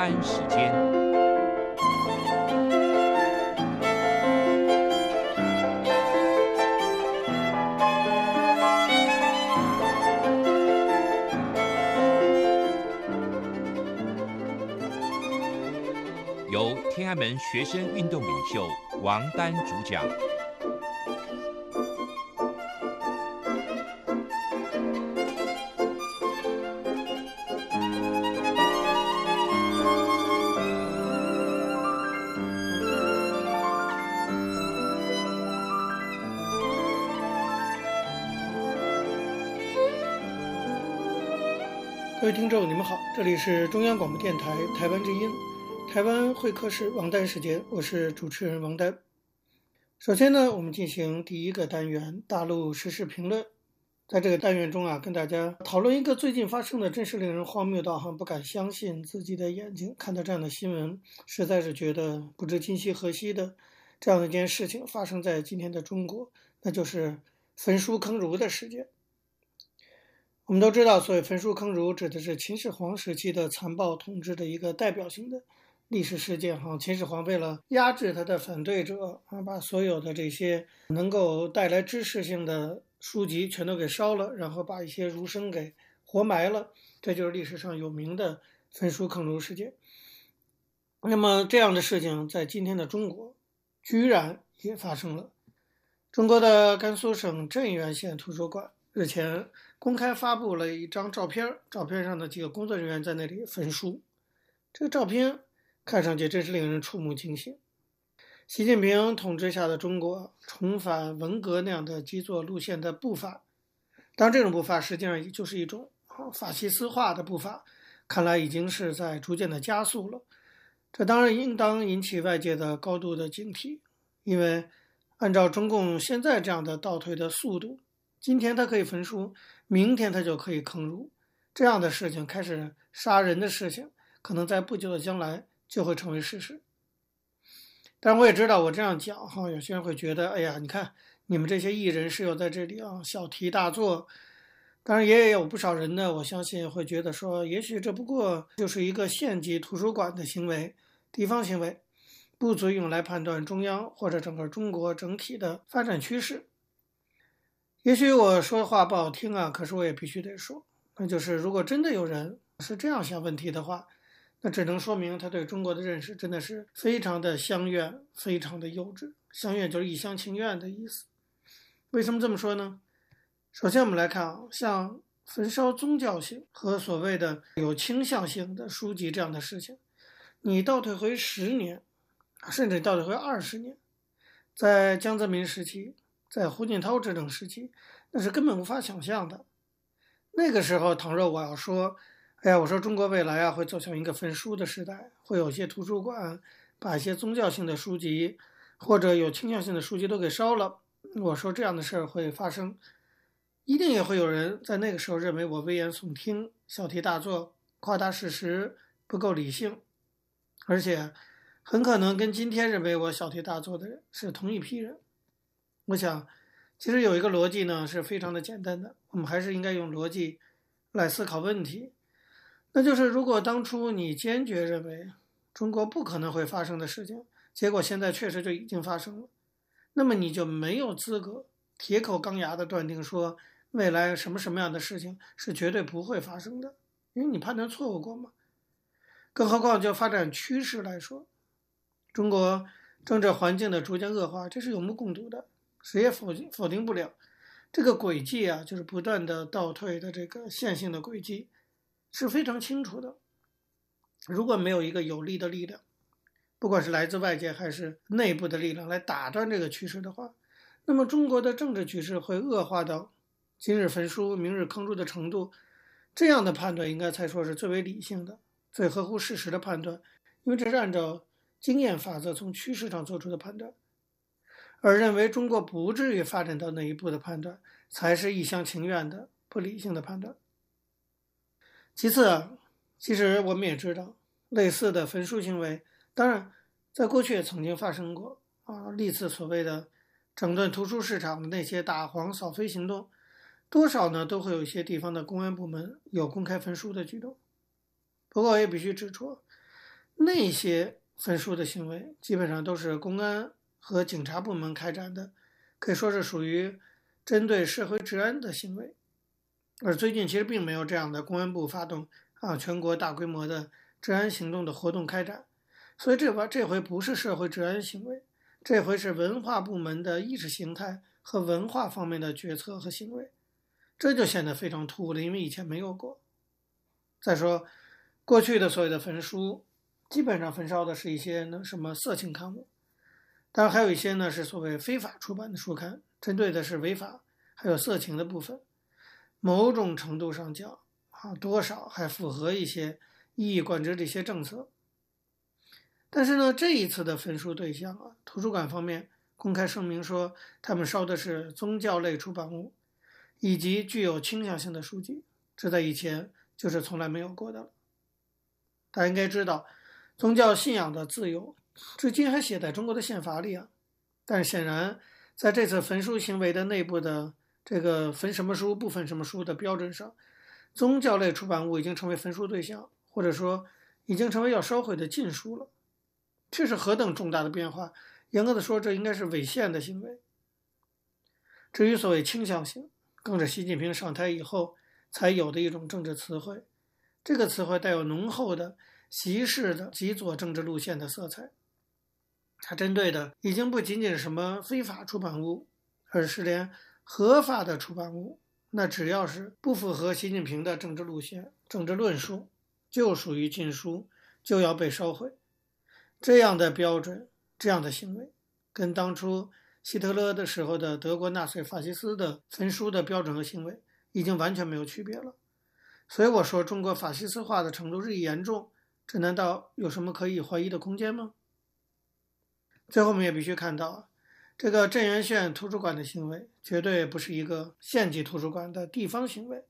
安時間，由天安門學生運動領袖王丹主講。這裡是中央廣播電臺《臺灣之音》臺灣會客室王丹時間，我是主持人王丹。首先呢，我們進行第一個單元——大陸時事評論。在這個單元中啊，跟大家討論一個最近發生的真是令人荒謬到很不敢相信自己的眼睛看到這樣的新聞，實在是覺得不知今夕何夕的這樣的一件事情發生在今天的中國，那就是焚書坑儒的事件。我們都知道，所謂焚書坑儒，指的是秦始皇時期的殘暴統治的一個代表性的歷史事件。哈，秦始皇為了壓制他的反對者，啊，把所有的這些能夠帶來知識性的書籍全都給燒了，然後把一些儒生給活埋了。這就是歷史上有名的焚書坑儒事件。那麼，這樣的事情在今天的中國居然也發生了。中國的甘肅省鎮原縣圖書館日前。公開發佈了一張照片，照片上的幾個工作人員在那裡焚書。這個照片看上去真是令人觸目驚心。習近平統治下的中國重返文革那樣的極左路線的步伐，當然，這種步伐實際上也就是一種法西斯化的步伐，看來已經是在逐漸的加速了。這當然應當引起外界的高度的警惕，因為按照中共現在這樣的倒退的速度，今天它可以焚書。明天他就可以坑儒，這樣的事情開始殺人的事情，可能在不久的將來就會成為事實。但我也知道我這樣講哈，有些人會覺得，哎呀，你看你們這些藝人是有在這裡啊，小題大做。當然，也有不少人呢，我相信會覺得說，也許這不過就是一個縣級圖書館的行為，地方行為，不足以用來判斷中央或者整個中國整體的發展趨勢。也許我說的話不好聽啊，可是我也必須得說，那就是如果真的有人是這樣想問題的話，那只能說明他對中國的認識真的是非常的鄉願，非常的幼稚。鄉愿就是一廂情願的意思。為什麼這麼說呢？首先我們來看啊，像焚燒宗教性和所謂的有傾向性的書籍這樣的事情，你倒退回十年，甚至倒退回二十年，在江澤民時期。在胡錦濤執政時期，那是根本無法想象的。那個時候，倘若我要說：“哎呀，我說中國未來啊會走向一個焚書的時代，會有些圖書館把一些宗教性的書籍或者有傾向性的書籍都給燒了。”我說這樣的事兒會發生，一定也會有人在那個時候認為我危言聳聽、小題大做、誇大事實、不夠理性，而且很可能跟今天認為我小題大做的人是同一批人。我想，其實有一個邏輯呢，是非常的簡單的。我們還是應該用邏輯來思考問題。那就是，如果當初你堅決認為中國不可能會發生的事情，結果現在確實就已經發生了，那麼你就沒有資格鐵口鋼牙的斷定說未來什麼什麼樣的事情是絕對不會發生的，因為你判斷錯誤過嘛。更何況就發展趨勢來說，中國政治環境的逐漸惡化，這是有目共睹的。誰也否定否定不了，這個軌跡啊，就是不斷的倒退的這個線性的軌跡，是非常清楚的。如果沒有一個有力的力量，不管是來自外界還是內部的力量來打斷這個趨勢的話，那麼中國的政治局勢會惡化到今日焚書、明日坑儒的程度。這樣的判斷應該才說是最為理性的、最合乎事實的判斷，因為這是按照經驗法則從趨勢上做出的判斷。而認為中國不至於發展到那一步的判斷，才是一廂情願的不理性的判斷。其次，其實我們也知道，類似的焚書行為，當然在過去也曾經發生過啊。歷次所謂的整頓圖書市場的那些打黃掃非行動，多少呢都會有一些地方的公安部門有公開焚書的舉動。不過我也必須指出，那些焚書的行為，基本上都是公安。和警察部門開展的，可以說是屬於針對社會治安的行為。而最近其實並沒有這樣的公安部發動啊全國大規模的治安行動的活動開展，所以這把這回不是社會治安行為，這回是文化部門的意識形態和文化方面的決策和行為，這就顯得非常突兀了，因為以前沒有過。再說過去的所謂的焚書，基本上焚燒的是一些那什麼色情刊物。當然，還有一些呢是所謂非法出版的書刊，針對的是違法還有色情的部分。某種程度上講，啊，多少還符合一些一以貫之這些政策。但是呢，這一次的焚書對象啊，圖書館方面公開聲明說，他們燒的是宗教類出版物以及具有傾向性的書籍，這在以前就是從來沒有過的。大家應該知道，宗教信仰的自由。至今還寫在中國的憲法裡啊！但顯然，在這次焚書行為的內部的這個焚什麼書不焚什麼書的標準上，宗教類出版物已經成為焚書對象，或者說已經成為要燒毀的禁書了。這是何等重大的變化！嚴格的說，這應該是違憲的行為。至於所謂傾向性，更是習近平上台以後才有的一種政治詞彙。這個詞彙帶有濃厚的。習氏的極左政治路線的色彩，它針對的已經不僅僅是什麼非法出版物，而是連合法的出版物，那只要是不符合習近平的政治路線、政治論述，就屬於禁書，就要被燒毀。這樣的標準、這樣的行為，跟當初希特勒的時候的德國納粹法西斯的焚書的標準和行為，已經完全沒有區別了。所以我說，中國法西斯化的程度日益嚴重。這難道有什麼可以懷疑的空間嗎？最後，我們也必須看到啊，這個鎮原縣圖書館的行為絕對不是一個縣級圖書館的地方行為，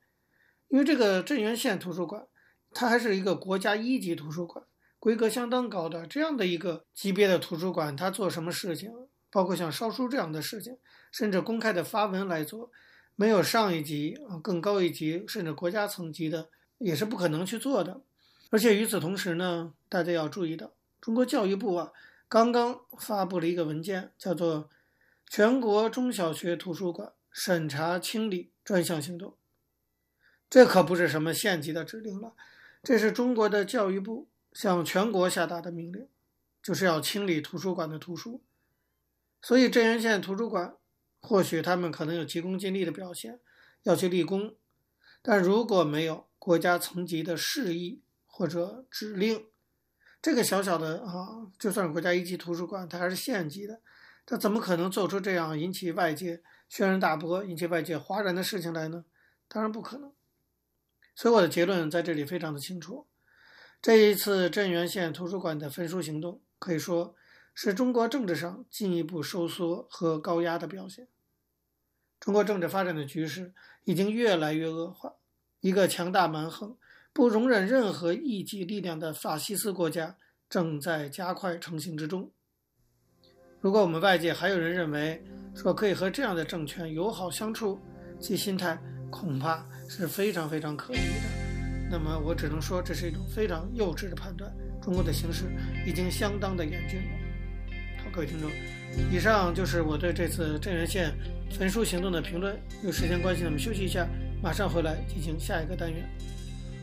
因為這個鎮原縣圖書館，它還是一個國家一級圖書館，規格相當高的，這樣的一個級別的圖書館，它做什麼事情，包括像燒書這樣的事情，甚至公開的發文來做，沒有上一級啊、更高一級，甚至國家層級的，也是不可能去做的。而且與此同時呢，大家要注意到，中國教育部啊剛剛發布了一個文件，叫做《全國中小學圖書館審查清理專項行動》。這可不是什麼縣級的指令了，這是中國的教育部向全國下達的命令，就是要清理圖書館的圖書。所以鎮原縣圖書館，或許他們可能有急功近利的表現，要去立功，但如果沒有國家層級的示意，或者指令，這個小小的啊，就算是國家一級圖書館，它還是縣級的，它怎麼可能做出這樣引起外界軒然大波、引起外界嘩然的事情來呢？當然不可能。所以我的結論在這裡非常的清楚：這一次鎮原縣圖書館的焚書行動，可以說是中國政治上進一步收縮和高壓的表現。中國政治發展的局勢已經越來越惡化，一個強大蠻橫，不容忍任何異己力量的法西斯國家正在加快成型之中。如果我們外界還有人認為說可以和這樣的政權友好相處，其心態恐怕是非常非常可疑的。那麼我只能說，這是一種非常幼稚的判斷。中國的形勢已經相當的嚴峻了。好，各位聽眾，以上就是我對這次鎮原縣焚書行動的評論。有時間關係，我們休息一下，馬上回來進行下一個單元。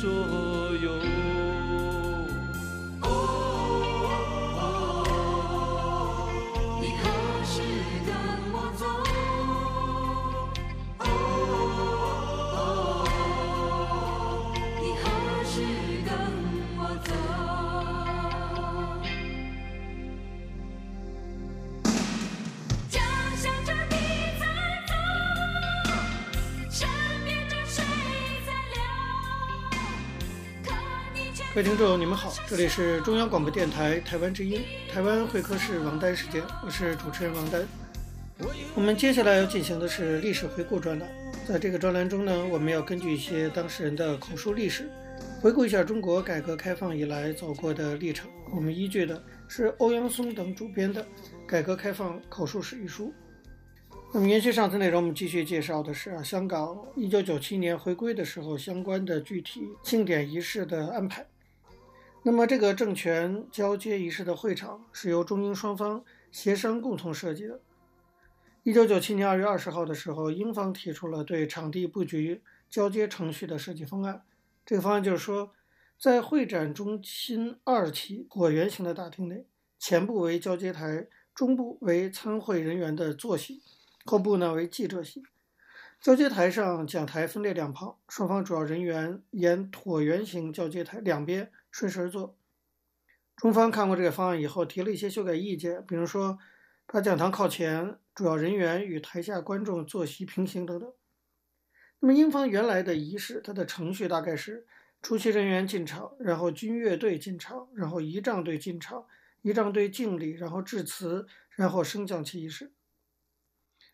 所有。各位聽眾，你們好，這裡是中央廣播電台台灣之音，台灣會客室王丹時間，我是主持人王丹。我們接下來要進行的是歷史回顧專欄，在這個專欄中呢，我們要根據一些當事人的口述歷史，回顧一下中國改革開放以來走過的歷程。我們依據的是歐陽松等主編的《改革開放口述史》一書。那麼，延續上次內容，我們繼續介紹的是啊，香港一九九七年回歸的時候相關的具體慶典儀式的安排。那麼，這個政權交接儀式的會場是由中英雙方協商共同設計的。一九九七年二月二十號的時候，英方提出了對場地布局、交接程序的設計方案。這個方案就是說，在會展中心二期橢圓形的大廳內，前部為交接台，中部為參會人員的坐席，後部呢為記者席。交接台上講台分列兩旁，雙方主要人員沿橢圓形交接台兩邊。順勢而做，中方看過這個方案以後，提了一些修改意見，比如說把講堂靠前，主要人員與台下觀眾坐席平行等等。那麼英方原來的儀式，它的程序大概是出席人員進場，然後軍樂隊進場，然後儀仗隊進場，儀仗隊，儀仗隊敬禮，然後致辭，然後升降旗儀式。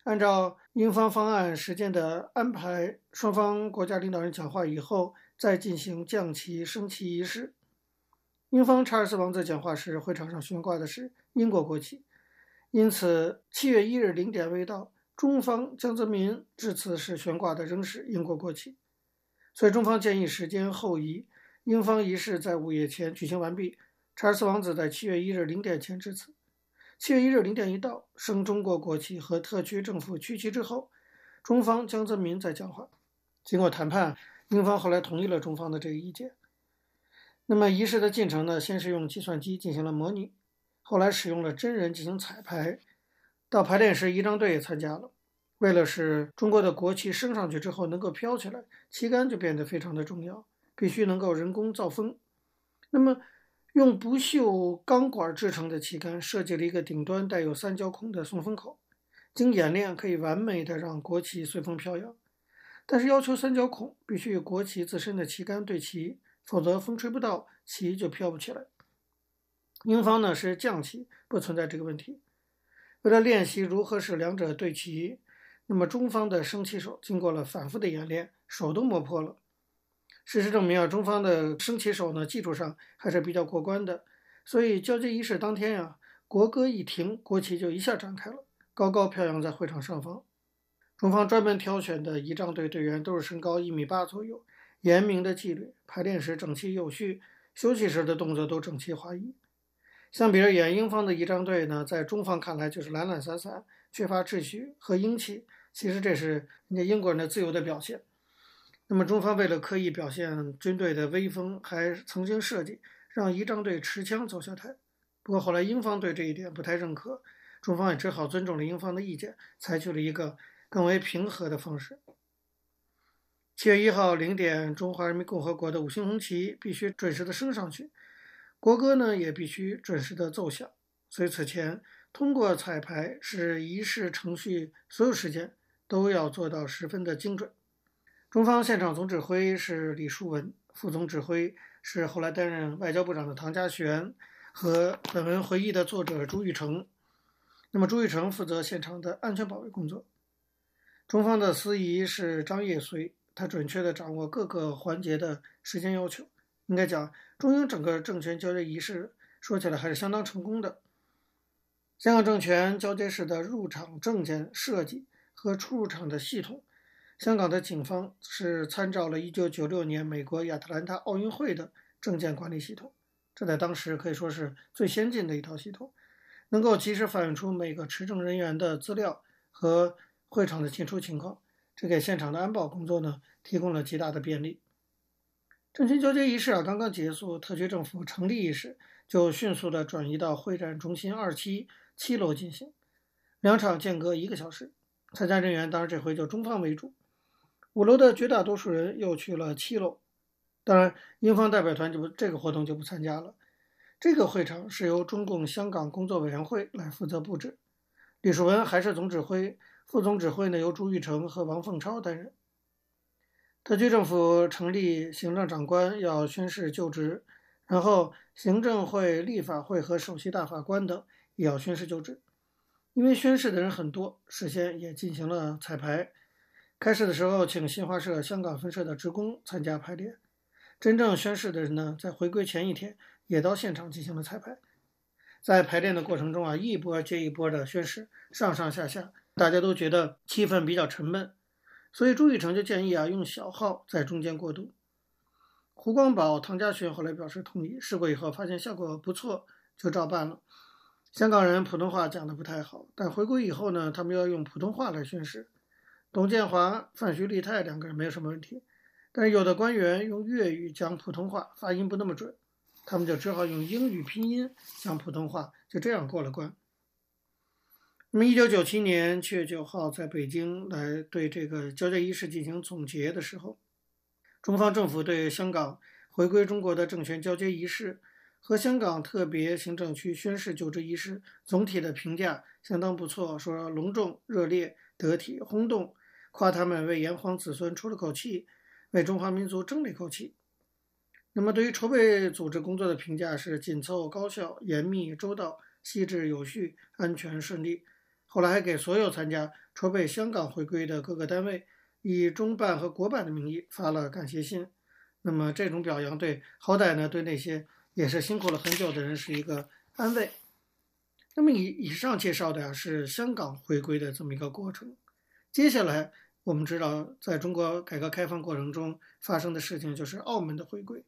按照英方方案時間的安排，雙方國家領導人講話以後，再進行降旗升旗儀式。英方查爾斯王子講話時，會場上懸掛的是英國國旗，因此七月一日零點未到，中方江澤民致辭時懸掛的仍是英國國旗，所以中方建議時間後移，英方儀式在午夜前舉行完畢。查爾斯王子在七月一日零點前致辭，七月一日零點一到，升中國國旗和特區政府區旗之後，中方江澤民在講話。經過談判，英方後來同意了中方的這個意見。那麼儀式的進程呢？先是用計算機進行了模擬，後來使用了真人進行彩排。到排練時，儀仗隊也參加了。為了使中國的國旗升上去之後能夠飄起來，旗杆就變得非常的重要，必須能夠人工造風。那麼，用不鏽鋼管製成的旗杆設計了一個頂端帶有三角孔的送風口，經演練可以完美的讓國旗隨風飄揚。但是要求三角孔必須與國旗自身的旗杆對齊。否則，風吹不到旗就飄不起來。英方呢是降旗，不存在這個問題。為了練習如何使兩者對齊，那麼中方的升旗手經過了反覆的演練，手都磨破了。事實證明啊，中方的升旗手呢，技術上還是比較過關的。所以交接儀式當天呀，啊，國歌一停，國旗就一下展開了，高高飄揚在會場上方。中方專門挑選的儀仗隊隊員都是身高一米八左右。嚴明的紀律，排練時整齊有序，休息時的動作都整齊劃一。相比而言，英方的儀仗隊呢，在中方看來就是懶懶散散，缺乏秩序和英氣。其實這是人家英國人的自由的表現。那麼，中方為了刻意表現軍隊的威風，還曾經設計讓儀仗隊持槍走下台。不過後來，英方對這一點不太認可，中方也只好尊重了英方的意見，採取了一個更為平和的方式。七月一號零點，中華人民共和國的五星紅旗必須準時的升上去，國歌呢也必須準時的奏響。所以此前通過彩排，是儀式程序所有時間都要做到十分的精準。中方現場總指揮是李樹文，副總指揮是後來擔任外交部長的唐家璇和本文回憶的作者朱玉成。那麼朱玉成負責現場的安全保衛工作。中方的司儀是張業遂。他準確地掌握各個環節的時間要求，應該講，中英整個政權交接儀式說起來還是相當成功的。香港政權交接式的入場證件設計和出入場的系統，香港的警方是參照了一九九六年美國亞特蘭大奧運會的證件管理系統，這在當時可以說是最先進的一套系統，能夠及時反映出每個持證人員的資料和會場的進出情況。這給現場的安保工作呢，提供了極大的便利。政權交接儀式啊，剛剛結束，特區政府成立儀式就迅速的轉移到會展中心二期七樓進行，兩場間隔一個小時。參加人員當然這回就中方為主，五樓的絕大多數人又去了七樓。當然，英方代表團就不，這個活動就不參加了。這個會場是由中共香港工作委員會來負責布置，李樹文還是總指揮。副總指揮呢由朱玉成和王鳳超擔任。特區政府成立，行政長官要宣誓就職，然後行政會、立法會和首席大法官等也要宣誓就職。因為宣誓的人很多，事先也進行了彩排。開始的時候，請新華社香港分社的職工參加排練。真正宣誓的人呢，在回歸前一天也到現場進行了彩排。在排練的過程中啊，一波接一波的宣誓，上上下下。大家都覺得氣氛比較沉悶，所以朱雨辰就建議啊用小號在中間過渡。胡光寶、唐家璇後來表示同意，試過以後發現效果不錯，就照辦了。香港人普通話講得不太好，但回歸以後呢，他們要用普通話來宣誓。董建華、范徐麗泰兩個人沒有什麼問題，但是有的官員用粵語講普通話，發音不那麼準，他們就只好用英語拼音講普通話，就這樣過了關。那麼，一九九七年七月九號在北京來對這個交接儀式進行總結的時候，中方政府對香港回歸中國的政權交接儀式和香港特別行政區宣誓就職儀式，儀式總體的評價相當不錯，說隆重、熱烈、得體、轟動，誇他們為炎黃子孫出了口氣，為中華民族爭了一口氣。那麼，對於籌備組織工作的評價是緊湊、高效、嚴密、周到、細緻、有序、安全、順利。後來還給所有參加籌備香港回歸的各個單位，以中辦和國辦的名義發了感謝信。那麼這種表揚對好歹呢，對那些也是辛苦了很久的人是一個安慰。那麼以以上介紹的呀、啊、是香港回歸的這麼一個過程。接下來我們知道，在中國改革開放過程中發生的事情就是澳門的回歸。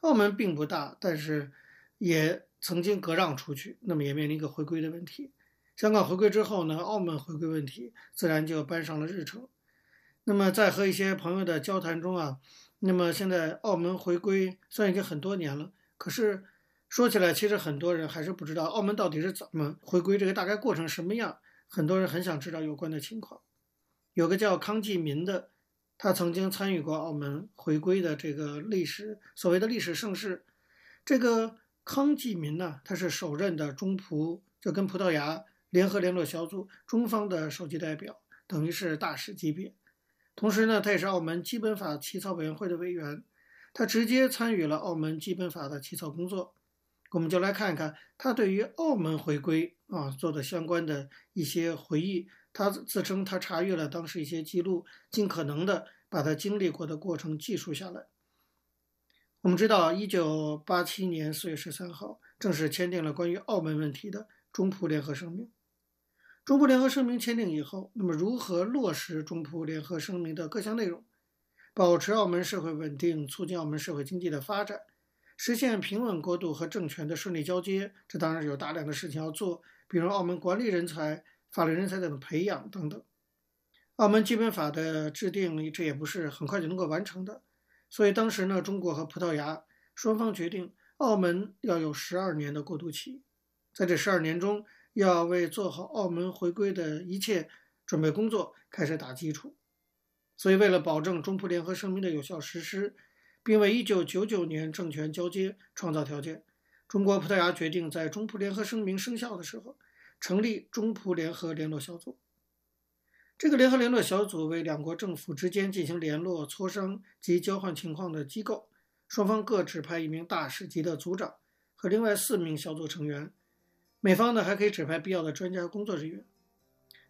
澳門並不大，但是也曾經割讓出去，那麼也面臨一個回歸的問題。香港回歸之後呢，澳門回歸問題自然就搬上了日程。那麼在和一些朋友的交談中啊，那麼現在澳門回歸雖然已經很多年了，可是說起來，其實很多人還是不知道澳門到底是怎麼回歸，這個大概過程什麼樣？很多人很想知道有關的情況。有個叫康紀民的，他曾經參與過澳門回歸的這個歷史，所謂的歷史盛世。這個康紀民呢、啊，他是首任的中葡，就跟葡萄牙，聯合聯絡小組中方的首席代表，等於是大使級別，同時呢，他也是澳門基本法起草委員會的委員，他直接參與了澳門基本法的起草工作。我們就來看一看他對於澳門回歸啊做的相關的一些回憶。他自稱他查閱了當時一些記錄，盡可能的把他經歷過的過程記述下來。我們知道，一九八七年四月十三號正式簽訂了關於澳門問題的中葡聯合聲明。中葡聯合聲明簽訂以後，那麼如何落實中葡聯合聲明的各項內容，保持澳門社會穩定，促進澳門社會經濟的發展，實現平穩過渡和政權的順利交接？這當然有大量的事情要做，比如澳門管理人才、法律人才等的培養等等。澳門基本法的制定，這也不是很快就能夠完成的。所以當時呢，中國和葡萄牙雙方決定，澳門要有十二年的過渡期，在這十二年中，要為做好澳門回歸的一切準備工作，開始打基礎。所以，為了保證中葡聯合聲明的有效實施，並為1999年政權交接創造條件，中國、葡萄牙決定在中葡聯合聲明生效的時候，成立中葡聯合聯絡小組。這個聯合聯絡小組為兩國政府之間進行聯絡磋商及交換情況的機構，雙方各指派一名大使級的組長和另外四名小組成員。美方呢還可以指派必要的專家工作人員。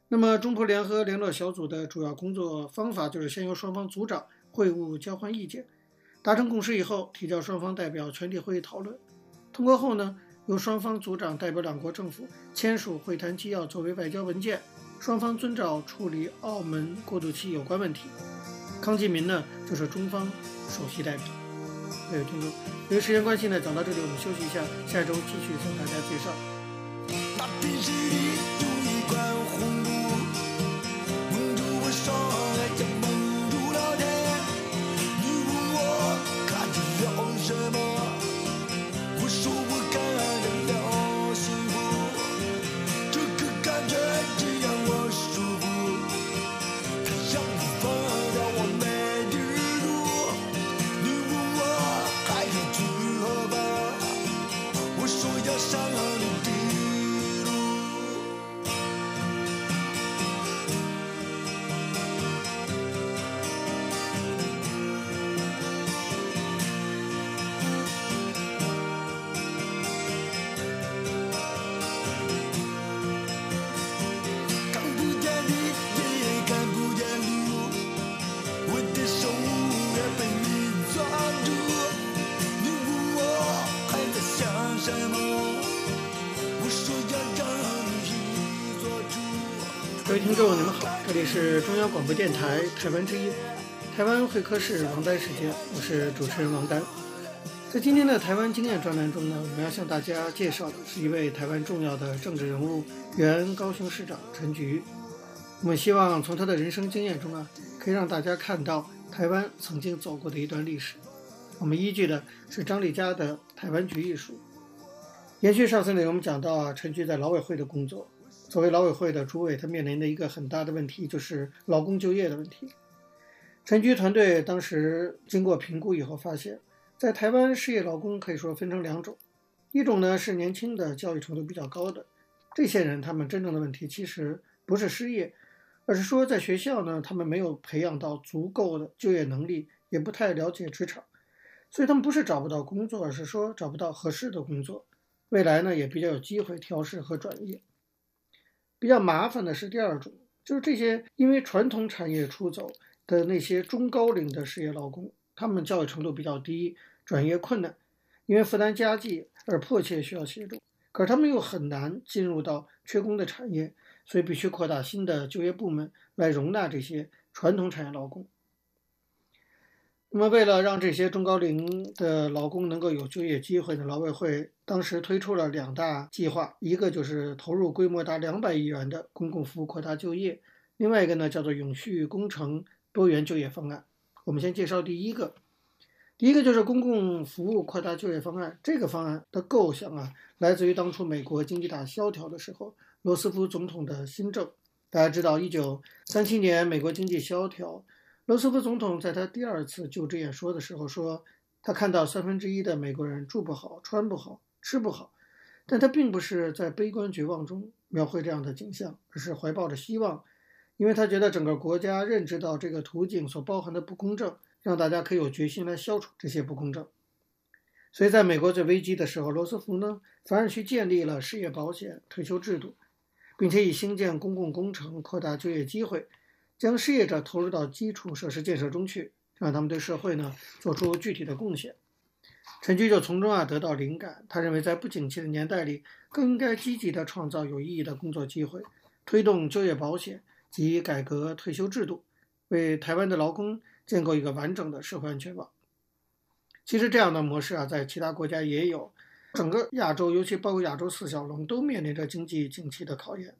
那麼中葡聯合聯絡小組的主要工作方法就是先由雙方組長會晤，交換意見，達成共識以後提交雙方代表全體會議討論，通過後呢，由雙方組長代表兩國政府簽署會談紀要作為外交文件，雙方遵照處理澳門過渡期有關問題。康紀民呢就是中方首席代表。各位聽眾，由於時間關係呢，講到這裡我們休息一下，下周繼續向大家介紹。是中央廣播電台台灣之音台灣會客室王丹時間，我是主持人王丹。在今天的台灣經驗專欄中呢，我們要向大家介紹的是一位台灣重要的政治人物，原高雄市長陳菊。我們希望從他的人生經驗中啊，可以讓大家看到台灣曾經走過的一段歷史。我們依據的是張麗佳的《台灣局藝術。延續上次內容，我們講到、啊、陳菊在勞委會的工作。作為勞委會的主委，他面臨的一個很大的問題就是勞工就業的問題。陳菊團隊當時經過評估以後，發現，在台灣失業勞工可以說分成兩種，一種呢是年輕的、教育程度比較高的這些人，他們真正的問題其實不是失業，而是說在學校呢，他們沒有培養到足夠的就業能力，也不太了解職場，所以他們不是找不到工作，而是說找不到合適的工作。未來呢，也比較有機會調適和轉業。比較麻煩的是第二種，就是這些因為傳統產業出走的那些中高齡的失業勞工，他們教育程度比較低，轉業困難，因為負擔家計而迫切需要協助，可是他們又很難進入到缺工的產業，所以必須擴大新的就業部門來容納這些傳統產業勞工。那麼，為了讓這些中高齡的勞工能夠有就業機會呢？勞委會當時推出了兩大計劃，一個就是投入規模達兩百億元的公共服務擴大就業，另外一個呢叫做永續工程多元就業方案。我們先介紹第一個，第一個就是公共服務擴大就業方案。這個方案的構想啊，來自於當初美國經濟大蕭條的時候，羅斯福總統的新政。大家知道，一九三七年美國經濟蕭條。羅斯福總統在他第二次就職演說的時候說，他看到三分之一的美國人住不好、穿不好、吃不好，但他並不是在悲觀絕望中描繪這樣的景象，而是懷抱着希望，因為他覺得整個國家認知到這個途徑所包含的不公正，讓大家可以有決心來消除這些不公正。所以，在美國最危機的時候，羅斯福呢，反而去建立了失業保險、退休制度，並且以興建公共工程、擴大就業機會。將失業者投入到基礎設施建設中去，讓他們對社會呢做出具體的貢獻。陳菊就從中啊得到靈感，他認為在不景氣的年代裡，更應該積極地創造有意義的工作機會，推動就業保險及改革退休制度，為台灣的勞工建構一個完整的社會安全網。其實這樣的模式啊，在其他國家也有，整個亞洲，尤其包括亞洲四小龍，都面臨着經濟景氣的考驗。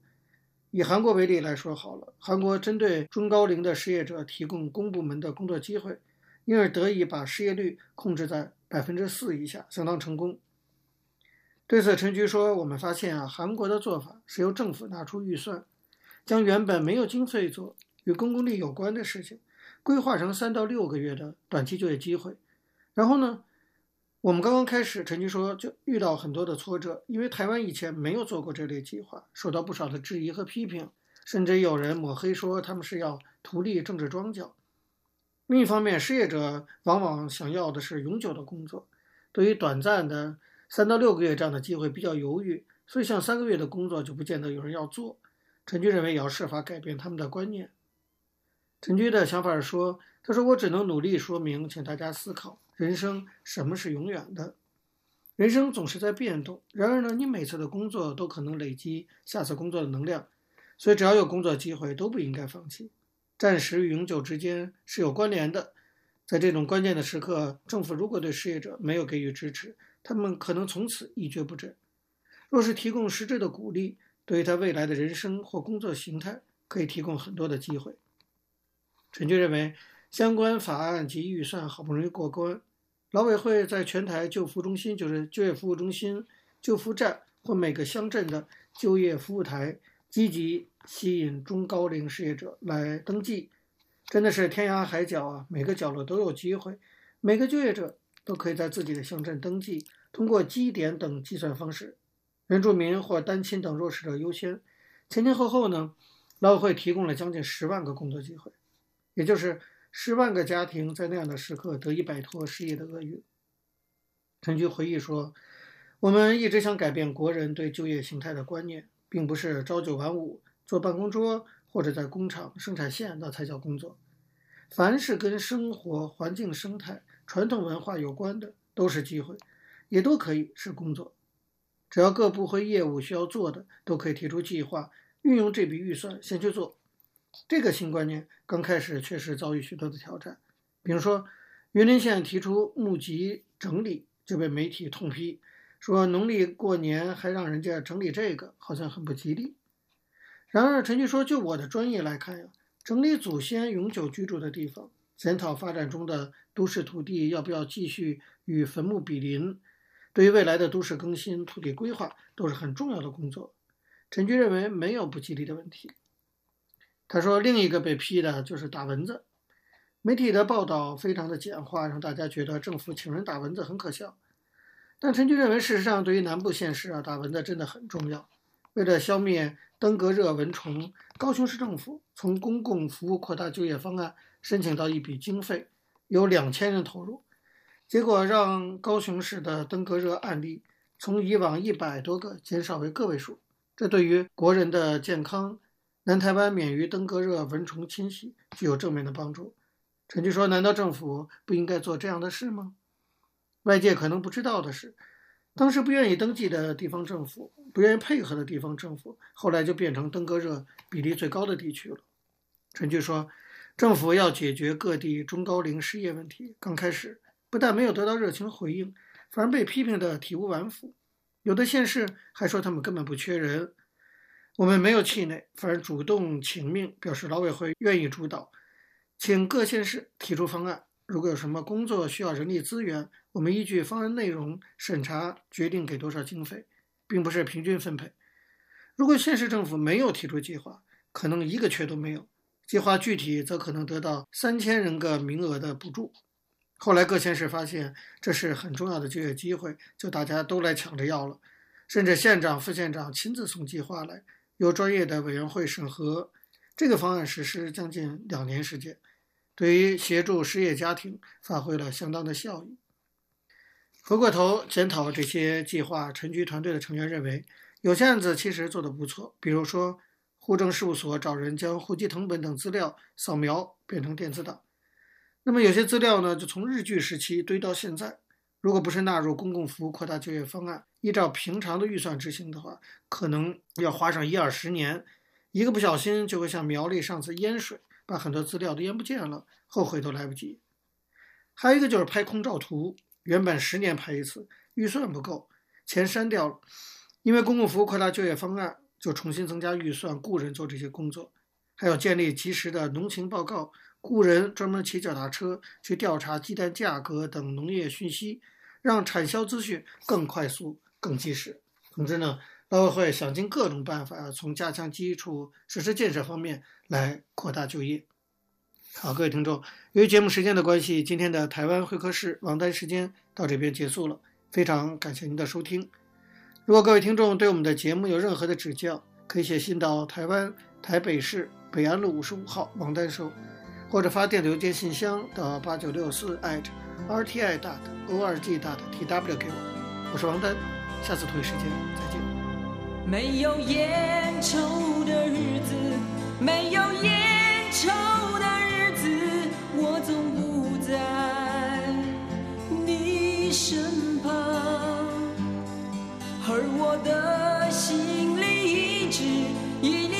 以韓國為例來說好了，韓國針對中高齡的失業者提供公部門的工作機會，因而得以把失業率控制在百分之四以下，相當成功。對此，陳菊說：“我們發現啊，韓國的做法是由政府拿出預算，將原本沒有經費做與公共利益有關的事情，規劃成三到六個月的短期就業機會，然後呢，”我們剛剛開始，陳菊說就遇到很多的挫折，因為台灣以前沒有做過這類計劃，受到不少的質疑和批評，甚至有人抹黑說他們是要圖利政治樁腳。另一方面，失業者往往想要的是永久的工作，對於短暫的三到六個月這樣的機會比較猶豫，所以像三個月的工作就不見得有人要做。陳菊認為也要設法改變他們的觀念。陳菊的想法是說，他說我只能努力說明，請大家思考。人生什麼是永遠的？人生總是在變動。然而呢，你每次的工作都可能累積下次工作的能量，所以只要有工作機會，都不應該放棄。暫時與永久之間是有關聯的。在這種關鍵的時刻，政府如果對失業者沒有給予支持，他們可能從此一蹶不振。若是提供實質的鼓勵，對於他未來的人生或工作形態，可以提供很多的機會。陳俊認為，相關法案及預算好不容易過關。勞委會在全台就服中心，就是就業服務中心、就服站或每個鄉鎮的就業服務台，積極吸引中高齡失業者來登記。真的是天涯海角啊，每個角落都有機會，每個就業者都可以在自己的鄉鎮登記。通過積點等計算方式，原住民或單親等弱勢者優先。前前後後呢，勞委會提供了將近十萬個工作機會，也就是。十萬個家庭在那樣的時刻得以擺脫失業的厄運。陳菊回憶說：“我們一直想改變國人對就業形態的觀念，並不是朝九晚五坐辦公桌或者在工廠生產線那才叫工作。凡是跟生活環境、生態、傳統文化有關的，都是機會，也都可以是工作。只要各部會業務需要做的，都可以提出計劃，運用這筆預算先去做。”這個新觀念剛開始確實遭遇許多的挑戰，比如說，雲林縣提出墓基整理就被媒體痛批，說農曆過年還讓人家整理這個，好像很不吉利。然而陳菊說，就我的專業來看呀，整理祖先永久居住的地方，檢討發展中的都市土地要不要繼續與墳墓比鄰，對於未來的都市更新、土地規劃都是很重要的工作。陳菊認為沒有不吉利的問題。他說，另一個被批的就是打蚊子。媒體的報道非常的簡化，讓大家覺得政府請人打蚊子很可笑。但陳俊認為，事實上，對於南部縣市啊，打蚊子真的很重要。為了消滅登革熱蚊蟲，高雄市政府從公共服務擴大就業方案申請到一筆經費，有兩千人投入，結果讓高雄市的登革熱案例從以往一百多個減少為個位數。這對於國人的健康，南台灣免於登革熱蚊蟲侵襲，具有正面的幫助。陳菊說：“難道政府不應該做這樣的事嗎？”外界可能不知道的是，當時不願意登記的地方政府、不願意配合的地方政府，後來就變成登革熱比例最高的地區了。陳菊說：“政府要解決各地中高齡失業問題，剛開始不但沒有得到熱情回應，反而被批評得體無完膚，有的縣市還說他們根本不缺人。”我們沒有氣餒，反而主動請命，表示勞委會願意主導，請各縣市提出方案。如果有什麼工作需要人力資源，我們依據方案內容審查決定給多少經費，並不是平均分配。如果縣市政府沒有提出計劃，可能一個缺都沒有；計劃具體，則可能得到三千人個名額的補助。後來各縣市發現這是很重要的就業機會，就大家都來搶着要了，甚至縣長、副縣長親自送計劃來。由專業的委員會審核，這個方案實施將近兩年時間，對於協助失業家庭發揮了相當的效益。回過頭檢討這些計劃，陳菊團隊的成員認為，有些案子其實做得不錯，比如說，戶政事務所找人將戶籍謄本等資料掃描變成電子檔，那麼有些資料呢，就從日據時期堆到現在。如果不是納入公共服務擴大就業方案，依照平常的預算執行的話，可能要花上一二十年。一個不小心就會像苗栗上次淹水，把很多資料都淹不見了，後悔都來不及。還有一個就是拍空照圖，原本十年拍一次，預算不夠，錢刪掉了。因為公共服務擴大就業方案，就重新增加預算，雇人做這些工作。還有建立及時的農情報告。雇人專門騎腳踏車，車去調查雞蛋價格等農業訊息，讓產銷資訊更快速、更及時。總之呢，勞委會想盡各種辦法，從加強基礎設施建設方面來擴大就業。好，各位聽眾，由於節目時間的關係，今天的台灣會客室王丹時間到這邊結束了。非常感謝您的收聽。如果各位聽眾對我們的節目有任何的指教，可以寫信到台灣台北市北安路五十五號王丹收。或者發電郵件信箱到八九六四 r t i 大 o o r g 大的 t w 給我。我是王丹，下次同一時間再見。沒有煙抽的日子，沒有煙抽的日子，我總不在你身旁，而我的心裡一直一。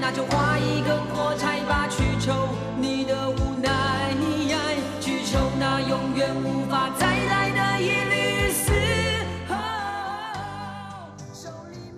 那就劃一根火柴吧。